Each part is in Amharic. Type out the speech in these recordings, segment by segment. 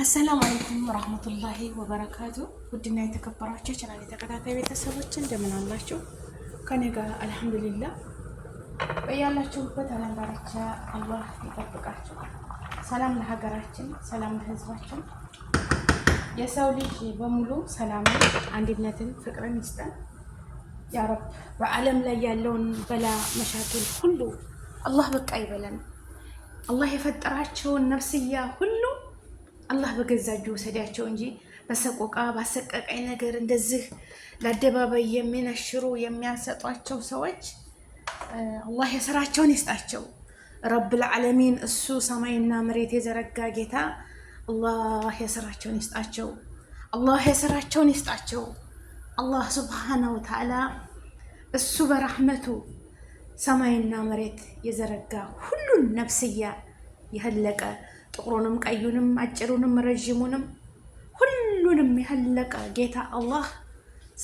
አሰላሙ አለይኩም ረህመቱላሂ ወበረካቱ። ውድና የተከበራችሁ ቻናል የተከታታይ ቤተሰቦች እንደምን አላችሁ? ከኔ ጋር አልሐምዱሊላህ። በያላችሁበት አለም ዳርቻ አላህ ይጠብቃችሁ። ሰላም ለሀገራችን፣ ሰላም ለህዝባችን። የሰው ልጅ በሙሉ ሰላምን፣ አንድነትን፣ ፍቅርን ይስጠን ያረብ። በአለም ላይ ያለውን በላ መሻክል ሁሉ አላህ በቃ ይበለን። አላህ የፈጠራቸውን ነፍስያ ሁሉ አላህ በገዛ እጁ ውሰዳቸው እንጂ በሰቆቃ ባሰቀቃይ ነገር እንደዚህ ለአደባባይ የሚነሽሩ የሚያሰጧቸው ሰዎች አላህ የስራቸውን ይስጣቸው። ረብል ዓለሚን እሱ ሰማይና መሬት የዘረጋ ጌታ አላህ የስራቸውን ይስጣቸው። አላህ የስራቸውን ይስጣቸው። አላህ ስብሓነ ወተዓላ እሱ በረህመቱ ሰማይና መሬት የዘረጋ ሁሉን ነፍስያ የህለቀ ጥቁሩንም፣ ቀዩንም፣ አጭሩንም፣ ረዥሙንም ሁሉንም ያለቀ ጌታ አላህ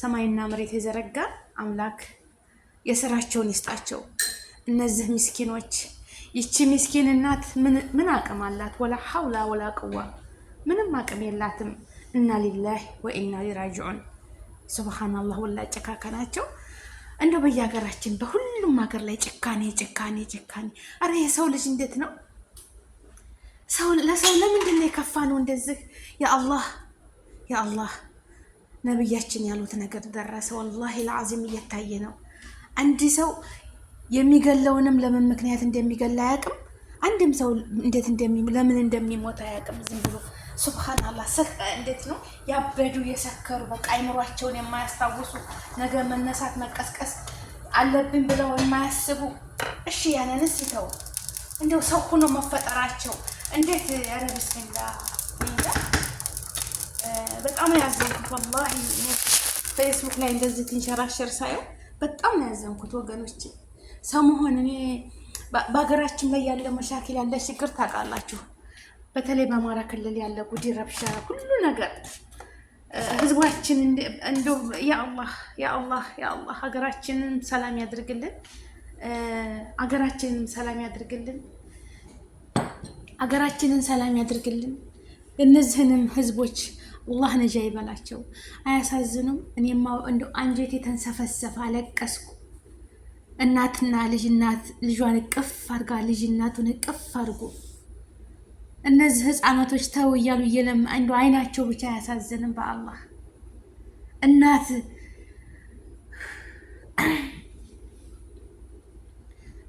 ሰማይና መሬት የዘረጋ አምላክ የስራቸውን ይስጣቸው። እነዚህ ምስኪኖች ይቺ ምስኪን እናት ምን አቅም አላት? ወላ ሐውላ ወላ ቅዋ ምንም አቅም የላትም። እና ሊላህ ወኢና ሊራጅዑን ሱብሃናላህ። ወላ ጨካከ ናቸው። እንደው በየሀገራችን በሁሉም ሀገር ላይ ጭካኔ ጭካኔ ጭካኔ። አረ የሰው ልጅ እንዴት ነው ለሰው ለምንድን ነው የከፋ ነው እንደዚህ? የአላህ የአላህ ነብያችን ያሉት ነገር ደረሰ። ወላሂ ለዓዚም እየታየ ነው። አንድ ሰው የሚገለውንም ለምን ምክንያት እንደሚገላ አያውቅም። አንድም ሰው እንዴት ለምን እንደሚሞት አያውቅም። ዝም ብሎ ሱብሃናላህ። እንዴት ነው ያበዱ የሰከሩ በቃ አይምሯቸውን የማያስታውሱ ነገ መነሳት መቀስቀስ አለብን ብለው የማያስቡ እሺ፣ ያንንስ ይተው እንደው ሰው ሆኖ መፈጠራቸው እንዴት ያለ ብስሚላ በጣም ያዘንኩት ወላሂ ፌስቡክ ላይ እንደዚህ ትንሸራሸር ሳየው በጣም ያዘንኩት ወገኖች። ሰው መሆን እኔ በሀገራችን ላይ ያለ መሻኪል ያለ ችግር ታውቃላችሁ። በተለይ በአማራ ክልል ያለ ጉዲ ረብሻ፣ ሁሉ ነገር ህዝባችን እንደ ያአላህ ያአላህ ያአላህ ሀገራችንን ሰላም ያድርግልን፣ ሀገራችንን ሰላም ያድርግልን። አገራችንን ሰላም ያድርግልን። እነዚህንም ህዝቦች አላህ ነጃ ይበላቸው። አያሳዝኑም? እኔማ እንደው አንጀቴ ተንሰፈሰፈ፣ አለቀስኩ። እናትና ልጅ ልጇን እቅፍ አድርጋ ልጅ እቅፍ አድርጎ እነዚህ ህፃናቶች ተው እያሉ እየለም እንደ አይናቸው ብቻ አያሳዝንም? በአላህ እናት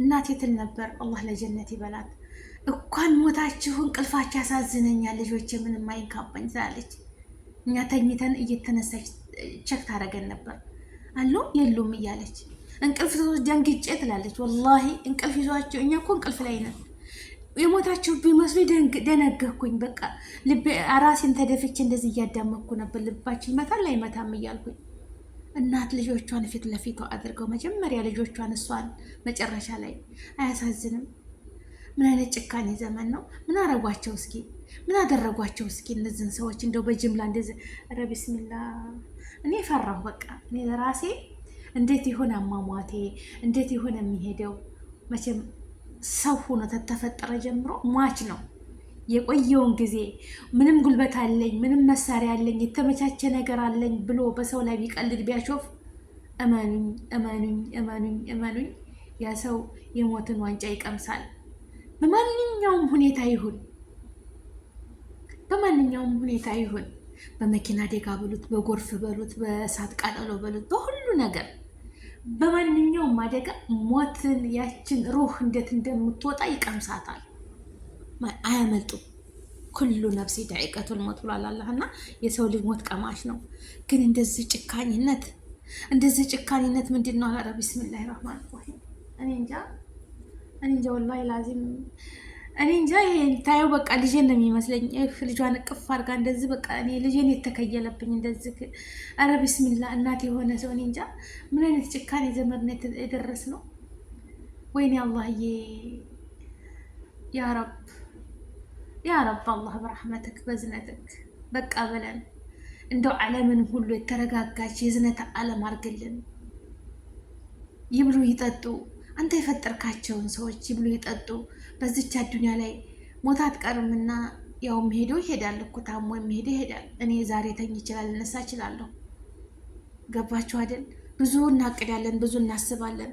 እናት የትል ነበር? አላህ ለጀነት ይበላት። እንኳን ሞታችሁ እንቅልፋችሁ ያሳዝነኛል ልጆቼ፣ ምን አይንካባኝ ትላለች። እኛ ተኝተን እየተነሳች ቸክ ታደርገን ነበር አሉ የሉም እያለች እንቅልፍ ደንግጬ ትላለች። ወላሂ እንቅልፍ ይዟቸው እኛ እኮ እንቅልፍ ላይ ነን። የሞታችሁ ቢመስሉ ደነገኩኝ። በቃ አራሴን ተደፍቼ እንደዚህ እያዳመኩ ነበር። ልባችን ይመታል መታም እያልኩኝ እናት ልጆቿን ፊት ለፊቷ አድርገው መጀመሪያ ልጆቿን እሷን መጨረሻ ላይ አያሳዝንም? ምን አይነት ጭካኔ ዘመን ነው? ምን አረጓቸው እስኪ ምን አደረጓቸው እስኪ እነዚህን ሰዎች እንደው በጅምላ እንደዚ ረ ቢስሚላ እኔ ፈራሁ። በቃ እኔ ራሴ እንዴት ይሆን አሟሟቴ? እንዴት ይሆን የሚሄደው? መቼም ሰው ሆኖ ተተፈጠረ ጀምሮ ሟች ነው የቆየውን ጊዜ ምንም ጉልበት አለኝ ምንም መሳሪያ አለኝ የተመቻቸ ነገር አለኝ ብሎ በሰው ላይ ቢቀልድ ቢያሾፍ፣ እመኑኝ እመኑኝ እመኑኝ እመኑኝ ያ ሰው የሞትን ዋንጫ ይቀምሳል። በማንኛውም ሁኔታ ይሁን በማንኛውም ሁኔታ ይሁን በመኪና አደጋ በሉት፣ በጎርፍ በሉት፣ በእሳት ቃጠሎ በሉት፣ በሁሉ ነገር በማንኛውም አደጋ ሞትን ያችን ሩህ እንዴት እንደምትወጣ ይቀምሳታል። አያመልጡም። ኩሉ ነፍሲ ደቂቀቱል ሞት ብሏል አላህ እና የሰው ልጅ ሞት ቀማሽ ነው። ግን እንደዚህ ጭካኝነት እንደዚህ ጭካኝነት ምንድን ነው? ኧረ ቢስሚላሂ ረህማን እኔ እንጃ። እኔ እንጃ ወላሂ ላዚም እኔ እንጃ። ታየው በቃ ልጄን ነው የሚመስለኝ። ልጇን እቅፍ አድርጋ እንደዚህ በቃ እኔ ልጄን የተከየለብኝ እንደዚህ። ኧረ ቢስሚላ እናት የሆነ ሰው እኔ እንጃ ምን አይነት ጭካኔ ዘመድን የደረስ ነው። ወይኔ አላህዬ፣ ያ ረብ ያ ረብ፣ አላህ በረሕመትክ በዝነትክ በቃ በለን እንደው ዓለምን ሁሉ የተረጋጋች የዝነት ዓለም አድርግልን። ይብሉ ይጠጡ አንተ የፈጠርካቸውን ሰዎች ይብሉ ይጠጡ፣ በዚች አዱኒያ ላይ ሞት አትቀርምና ያው ሄዶ ይሄዳል እኮ ታሞ ሄዶ ይሄዳል። እኔ ዛሬ ተኝ ይችላል ልነሳ እችላለሁ። ገባችሁ አይደል? ብዙ እናቅዳለን፣ ብዙ እናስባለን።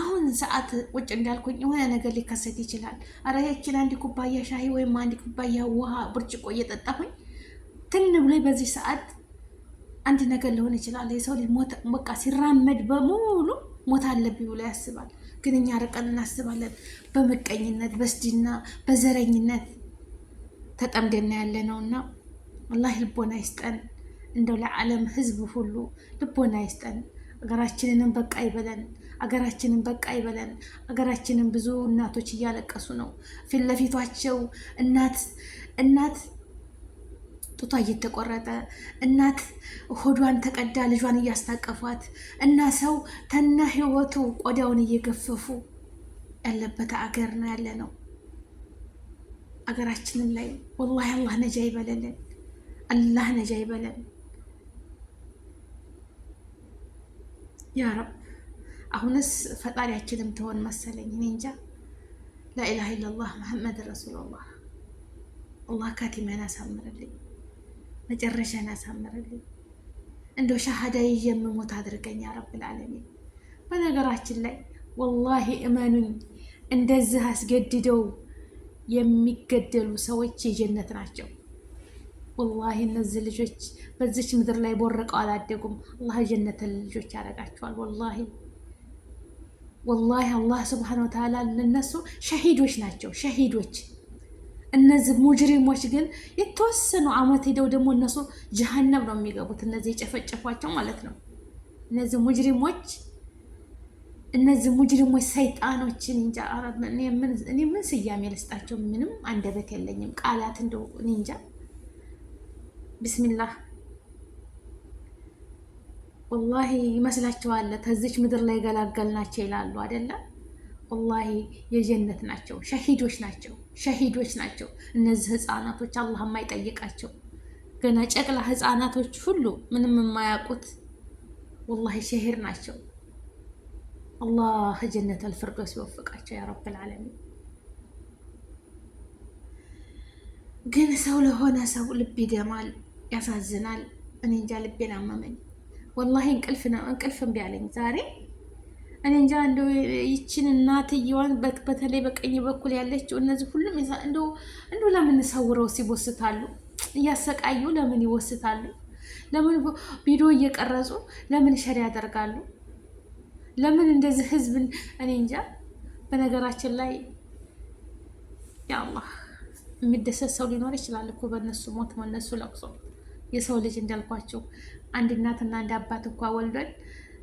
አሁን ሰዓት ቁጭ እንዳልኩኝ የሆነ ነገር ሊከሰት ይችላል። አረ አንድ ኩባያ ሻሂ ወይም አንድ ኩባያ ውሃ ብርጭቆ እየጠጣሁኝ ትን ብሎ በዚህ ሰዓት አንድ ነገር ሊሆን ይችላል። የሰው ልጅ ሞት በቃ ሲራመድ በሙሉ ሞት አለብኝ ብሎ ያስባል። ግን እኛ ርቀን እናስባለን። በምቀኝነት በስድና በዘረኝነት ተጠምደና ያለ ነውና አላህ ልቦና ይስጠን። እንደው ለዓለም ህዝብ ሁሉ ልቦና ይስጠን። አገራችንንም በቃ ይበለን። አገራችንን በቃ ይበለን። አገራችንን ብዙ እናቶች እያለቀሱ ነው ፊት ለፊቷቸው እናት እናት ጡቷ እየተቆረጠ እናት ሆዷን ተቀዳ ልጇን እያስታቀፏት እና ሰው ተና ህይወቱ ቆዳውን እየገፈፉ ያለበት አገር ነው ያለ ነው። አገራችንም ላይ ወላሂ አላህ ነጃ ይበለልን፣ አላህ ነጃ ይበለን ያ ረብ። አሁንስ ፈጣሪያችንም ትሆን መሰለኝ እኔ እንጃ። ላኢላሃ ኢለላህ መሐመድ ረሱሉላህ። አላህ ካቲማን አሳምርልኝ። መጨረሻን ያሳምርልኝ። እንደው ሻሃዳ ይዤ የምሞት አድርገኝ ረብል ዓለሚን። በነገራችን ላይ ወላሂ እመኑኝ እንደዚህ አስገድደው የሚገደሉ ሰዎች የጀነት ናቸው። ወላሂ እነዚህ ልጆች በዚች ምድር ላይ ቦርቀው አላደጉም። አላህ የጀነት ልጆች ያደርጋቸዋል። ወላሂ ወላሂ አላህ ስብሓነሁ ወተዓላ ለነሱ ሸሂዶች ናቸው ሸሂዶች እነዚህ ሙጅሪሞች ግን የተወሰኑ አመት ሄደው ደግሞ እነሱ ጀሀነም ነው የሚገቡት። እነዚህ የጨፈጨፏቸው ማለት ነው። እነዚህ ሙጅሪሞች እነዚህ ሙጅሪሞች ሰይጣኖችን እንጃ። እኔ ምን ስያሜ ልስጣቸው? ምንም አንደበት የለኝም። ቃላት እንደው እንጃ። ብስሚላህ ወላሂ ይመስላችኋል፣ ተዚች ምድር ላይ ገላገልናቸው ይላሉ አይደለም ወላሂ የጀነት ናቸው፣ ሸሂዶች ናቸው፣ ሸሂዶች ናቸው። እነዚህ ህፃናቶች አላህ የማይጠይቃቸው ገና ጨቅላ ህፃናቶች ሁሉ ምንም የማያውቁት ወላሂ ሸሂር ናቸው። አላህ ጀነት አልፍርዶስ ይወፍቃቸው ያ ረብል ዓለሚን። ግን ሰው ለሆነ ሰው ልብ ይደማል፣ ያሳዝናል። እኔ እንጃ ልቤን አመመኝ ወላሂ። እንቅልፍ እምቢ አለኝ ዛሬ እኔ እንጃ እንደው ይችን እናትየዋን በተለይ በቀኝ በኩል ያለችው እነዚህ ሁሉም እንደው እንደው ለምን ሰውረው ይወስታሉ? እያሰቃዩ ለምን ይወስታሉ? ለምን ቪዲዮ እየቀረጹ ለምን ሸር ያደርጋሉ? ለምን እንደዚህ ህዝብን እኔ እንጃ። በነገራችን ላይ ያአላህ የሚደሰት ሰው ሊኖር ይችላል እኮ በእነሱ ሞት በእነሱ ለቅሶ የሰው ልጅ እንዳልኳቸው አንድ እናትና አንድ አባት እኳ ወልደን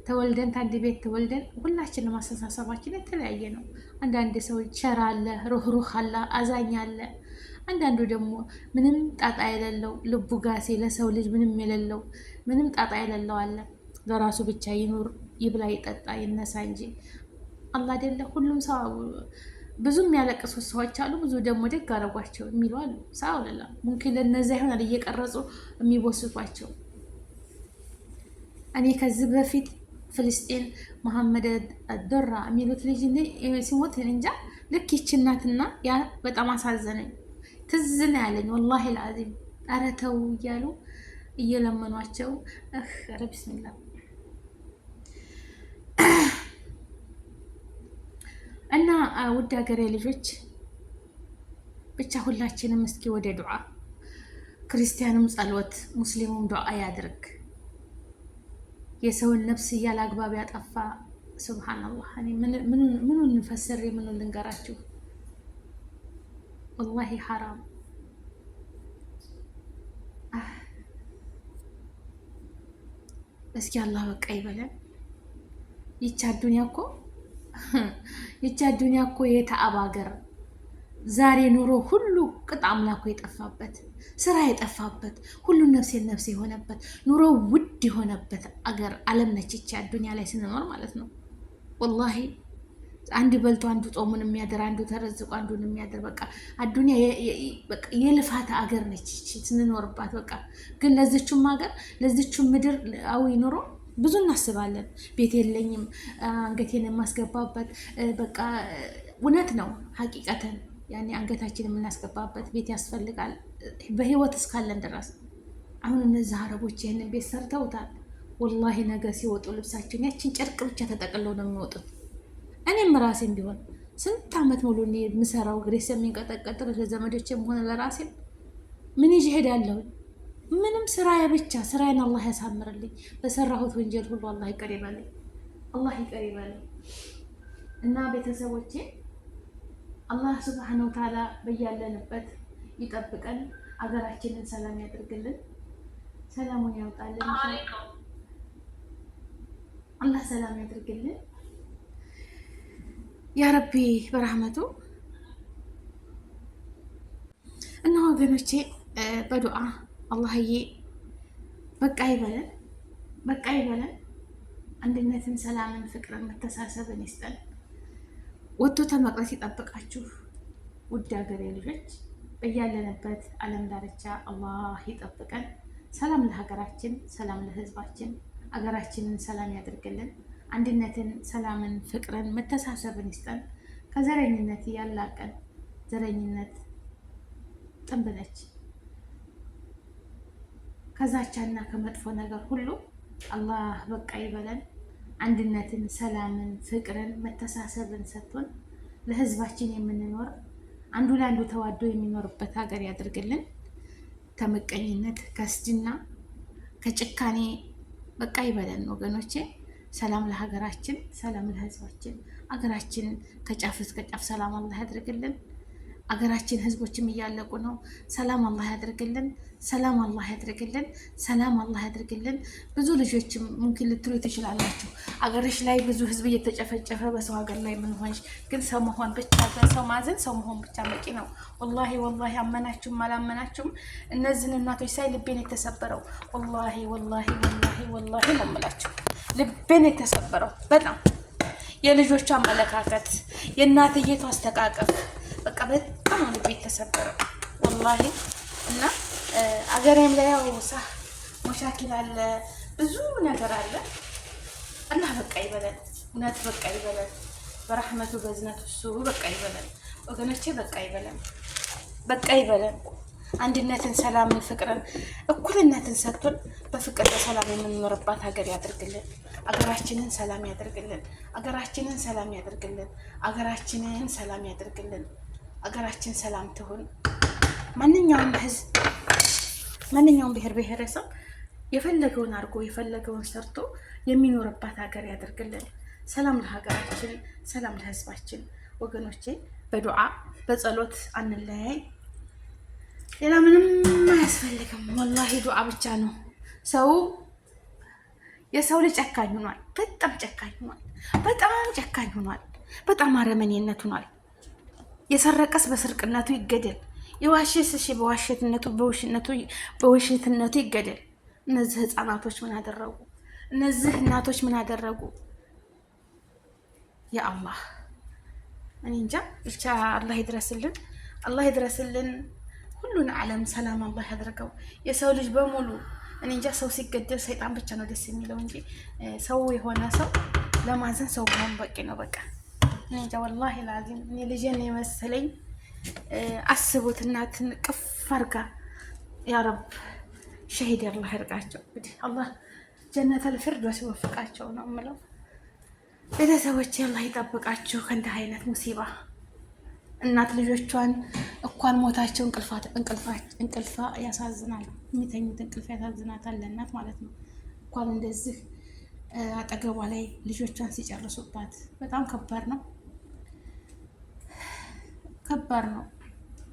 ተወልደን ታንድ ቤት ተወልደን ሁላችንም አስተሳሰባችን የተለያየ ነው። አንዳንድ ሰው ቸር አለ፣ ሩህሩህ አለ፣ አዛኝ አለ። አንዳንዱ ደግሞ ምንም ጣጣ የሌለው ልቡ ጋሴ ለሰው ልጅ ምንም የሌለው ምንም ጣጣ የሌለው አለ። ለራሱ ብቻ ይኑር ይብላ ይጠጣ ይነሳ እንጂ አላ አይደለ ሁሉም ሰው ብዙ የሚያለቅሱ ሰዎች አሉ። ብዙ ደግሞ ደግ አረጓቸው የሚሉ አሉ። ሰው ለላ ሙምኪን ለነዚያ ይሆናል እየቀረጹ የሚቦስቷቸው እኔ ከዚህ በፊት ፍልስጤን መሐመድ አዶራ የሚሉት ልጅ ሲሞት እንጃ ልክ ይቺ ያ በጣም አሳዘነኝ። ትዝ ነው ያለኝ ወላሂ ልአዚም ኧረ ተው እያሉ እየለመኗቸው ኧረ ብስሚላ እና ውድ ሀገሬ ልጆች ብቻ ሁላችንም እስኪ ወደ ዱዓ ክርስቲያንም ጸሎት ሙስሊሙም ዱዓ ያድርግ። የሰውን ነፍስ እያለ አግባብ ያጠፋ ሱብሃነላህ። ምኑ እንፈስር ምኑ ልንገራችሁ? ወላሂ ሐራም እስኪ አላህ በቃ ይበለን። ይቻ አዱኒያ እኮ ይቻ ዱንያ እኮ የተአብ ሀገር ዛሬ ኑሮ ሁሉ ቅጥ አምላኩ የጠፋበት ስራ የጠፋበት ሁሉን ነፍሴን ነፍስ የሆነበት ኑሮ ውድ የሆነበት አገር አለም ነችቻ አዱኒያ ላይ ስንኖር ማለት ነው። ወላሂ አንድ በልቶ አንዱ ጾሙን የሚያደር አንዱ ተረዝቆ አንዱን የሚያደር በቃ አዱኒያ የልፋት አገር ነች ስንኖርባት። በቃ ግን ለዚችም ሀገር ለዝቹም ምድር አዊ ኑሮ ብዙ እናስባለን። ቤት የለኝም አንገቴን የማስገባበት በቃ እውነት ነው ሀቂቀትን ያኔ አንገታችን የምናስገባበት ቤት ያስፈልጋል በህይወት እስካለን ድረስ። አሁን እነዚህ አረቦች ይህንን ቤት ሰርተውታል። ወላሂ ነገ ሲወጡ ልብሳቸውን ያችን ጨርቅ ብቻ ተጠቅለው ነው የሚወጡት። እኔም ራሴም ቢሆን ስንት ዓመት ሙሉ እኔ የምሰራው ግሬስ የሚንቀጠቀጥ ለዘመዶቼም ሆነ ለራሴም ምን ይዤ እሄዳለሁ? ምንም ስራዬ ብቻ ስራዬን አላህ ያሳምርልኝ። በሰራሁት ወንጀል ሁሉ አላህ ይቀር ይበለኝ፣ አላህ ይቀር ይበለኝ እና ቤተሰቦቼ አላህ ስብሐነሁ ወተዓላ በያለንበት ይጠብቀን፣ አገራችንን ሰላም ያደርግልን፣ ሰላሙን ያውጣልን። አላህ ሰላም ያደርግልን ያረቢ ረቢ በረህመቱ። እና ወገኖቼ በዱዓ አላህዬ በቃ ይበለን፣ በቃ ይበለን። አንድነትን፣ ሰላምን፣ ፍቅርን፣ መተሳሰብን ይስጠን። ወጥቶ ተመቅረት ይጠብቃችሁ። ውድ ሀገሬ ልጆች በያለንበት ዓለም ዳርቻ አላህ ይጠብቀን። ሰላም ለሀገራችን፣ ሰላም ለህዝባችን ሀገራችንን ሰላም ያደርግልን። አንድነትን፣ ሰላምን፣ ፍቅርን፣ መተሳሰብን ይስጠን። ከዘረኝነት ያላቀን። ዘረኝነት ጥንብ ነች። ከዛቻና ከመጥፎ ነገር ሁሉ አላህ በቃ ይበለን። አንድነትን፣ ሰላምን፣ ፍቅርን፣ መተሳሰብን ሰጥቶን ለህዝባችን የምንኖር አንዱ ለአንዱ ተዋዶ የሚኖርበት ሀገር ያድርግልን። ከምቀኝነት ከስድና ከጭካኔ በቃ ይበለን ወገኖቼ። ሰላም ለሀገራችን፣ ሰላም ለህዝባችን። ሀገራችን ከጫፍ እስከ ጫፍ ሰላም አላህ ያድርግልን። አገራችን ህዝቦችም እያለቁ ነው። ሰላም አላህ ያድርግልን። ሰላም አላህ ያድርግልን። ሰላም አላህ ያድርግልን። ብዙ ልጆችም ሙምኪን ልትሉ ትችላላችሁ። አገርሽ ላይ ብዙ ህዝብ እየተጨፈጨፈ በሰው ሀገር ላይ ምን ሆንሽ? ግን ሰው መሆን ብቻ ሰው ማዘን ሰው መሆን ብቻ በቂ ነው። ወላሂ ወላሂ አመናችሁም አላመናችሁም እነዚህን እናቶች ሳይ ልቤን የተሰበረው ወላሂ ወላሂ ወላሂ ወላሂ ነው የምላችሁ ልቤን የተሰበረው በጣም የልጆቹ አመለካከት የእናትየቱ አስተቃቀፍ በቃ በጣም ነው ልቤ የተሰበረው ወላሂ። እና አገሬም ላይ ያው ሳ መሻኪል አለ ብዙ ነገር አለ እና በቃ ይበለን፣ እውነት በቃ ይበለን። በረህመቱ በዝነቱ እሱ በቃ ይበለን። ወገኖቼ በቃ ይበለን፣ በቃ ይበለን። አንድነትን፣ ሰላምን፣ ፍቅርን፣ እኩልነትን ሰጥቶን በፍቅር በሰላም የምንኖርባት ሀገር ያደርግልን። አገራችንን ሰላም ያደርግልን። አገራችንን ሰላም ያደርግልን። አገራችንን ሰላም ያደርግልን። አገራችን ሰላም ትሆን። ማንኛውም ህዝብ ማንኛውም ብሔር ብሔረሰብ የፈለገውን አድርጎ የፈለገውን ሰርቶ የሚኖርባት ሀገር ያደርግልን። ሰላም ለሀገራችን፣ ሰላም ለህዝባችን። ወገኖቼ በዱዓ በጸሎት አንለያይ። ሌላ ምንም አያስፈልግም። ወላሂ ዱዓ ብቻ ነው። ሰው የሰው ልጅ ጨካኝ ሆኗል። በጣም ጨካኝ ሆኗል። በጣም ጨካኝ ሆኗል። በጣም አረመኔነት ሆኗል። የሰረቀስ በስርቅነቱ ይገደል፣ የዋሸስ እሺ በዋሸትነቱ በውሸትነቱ ይገደል። እነዚህ ህፃናቶች ምን አደረጉ? እነዚህ እናቶች ምን አደረጉ? የአላህ እኔ እንጃ ብቻ አላህ ይድረስልን፣ አላህ ይድረስልን። ሁሉን ዓለም ሰላም አላህ ያደርገው። የሰው ልጅ በሙሉ እኔ እንጃ ሰው ሲገደል ሰይጣን ብቻ ነው ደስ የሚለው እንጂ ሰው የሆነ ሰው ለማዘን ሰው መሆን በቂ ነው በቃ። እኔ እንጃ ወላሂ ላዚም እኔ ልጄን የመሰለኝ አስቡት። እናትን ቅፍ አድርጋ ያ ረብ ሸሂድ አላህ ያርቃቸው። እንግዲህ አላህ ጀነተል ፊርደውስ ይወፍቃቸው ነው የምለው። ቤተሰቦች አላህ ይጠብቃችሁ ከእንዲህ አይነት ሙሲባ። እናት ልጆቿን እኳን ሞታቸው እንቅልፋ ያሳዝናል። የሚተኙት እንቅልፍ ያሳዝናታል ለእናት ማለት ነው። እኳን እንደዚህ አጠገቧ ላይ ልጆቿን ሲጨርሱባት በጣም ከባድ ነው። ከባድ ነው።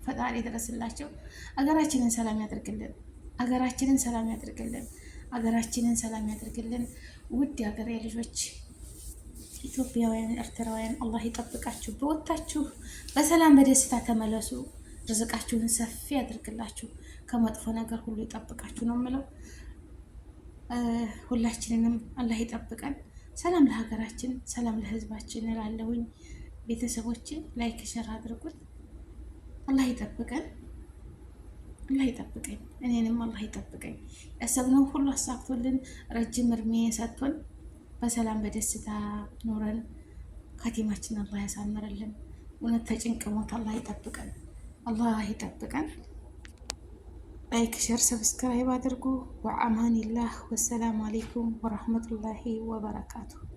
ፈጣሪ ድረስላቸው። አገራችንን ሰላም ያደርግልን። አገራችንን ሰላም ያደርግልን። አገራችንን ሰላም ያደርግልን። ውድ የሀገሬ ልጆች ኢትዮጵያውያን፣ ኤርትራውያን አላህ ይጠብቃችሁ። በወታችሁ በሰላም በደስታ ተመለሱ። ርዝቃችሁን ሰፊ ያደርግላችሁ። ከመጥፎ ነገር ሁሉ ይጠብቃችሁ ነው የምለው። ሁላችንንም አላህ ይጠብቀን። ሰላም ለሀገራችን፣ ሰላም ለህዝባችን እላለሁኝ። ቤተሰቦች ላይክ ሸር አድርጉት። አላህ ይጠብቀን፣ አላህ ይጠብቀኝ፣ እኔንም አላህ ይጠብቀኝ። ያሰብነው ሁሉ አሳክቶልን ረጅም እድሜ ሰጥቶን በሰላም በደስታ ኖረን ከቲማችን አላህ ያሳምርልን። እውነት ተጭንቅሞት አላህ ይጠብቀን፣ አላህ ይጠብቀን። ላይክ ሸር ሰብስክራይብ አድርጉ። ወአማኒላህ ወሰላሙ አሌይኩም ወረህመቱላሂ ወበረካቱ።